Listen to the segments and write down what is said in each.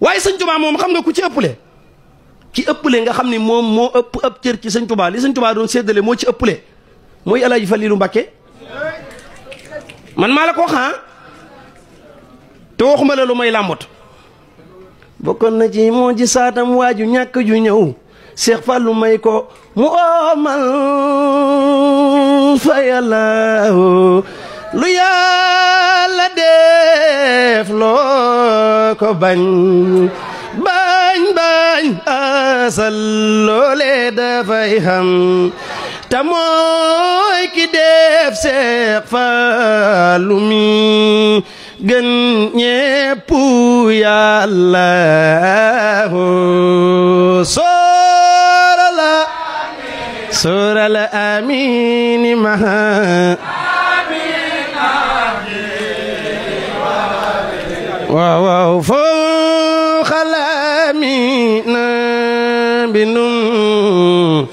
waaye sëñ Tuubaa moom xam nga ku ci ëppale ki ëppale nga xam ni moom moo ëpp ëpp cër ci sëñ Tuubaa li sëñ Tuubaa doon séddale moo ci ëppale mooy El Hadj Falilou Mbacké man maa la ko wax ah. te waxuma la lu may làmbot bokkoon na ci moo ji saatam waaju ñàkk ju ñëw Cheikh Fallou may ko mu oomal fa yàlla lu yaa ko bañ bañ bañ asal loolee dafay xam te mooy ki def seex faalu mi gën ñépp yàlla soorala soorala amiin maha waaw foo xalaami na bindum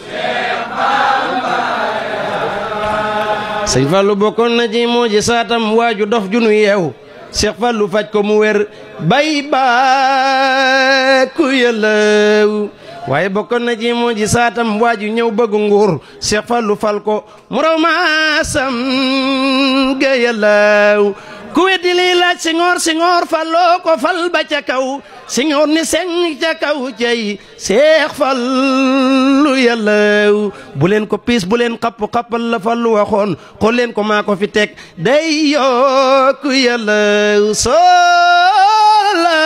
sëñ Fallou bokkoon na ci moo ji saatam waaju dof junu yeew Cheikh Fallou faj ko mu wér bay baaku yëlaw waaye bokkoon na ci moo ji saatam waaju ñëw bëgg nguur Cheikh Fallou fal ko mu raw maasam ga yëlaw ku weddi lii laaj Senghor Senghor faloo fal ba ca kaw Senghor ni seng ca kaw jey seex fallu yàllaw bu leen ko piis bu leen xapp xappal la fallu waxoon xool leen ko maa ko fi teg day yokk yàllaw soo la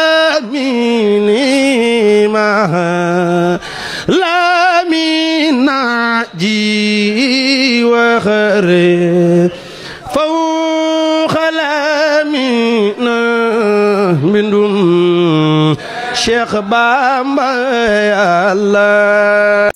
mini ma la waxare mbindum Cheikh Bamba Yàlla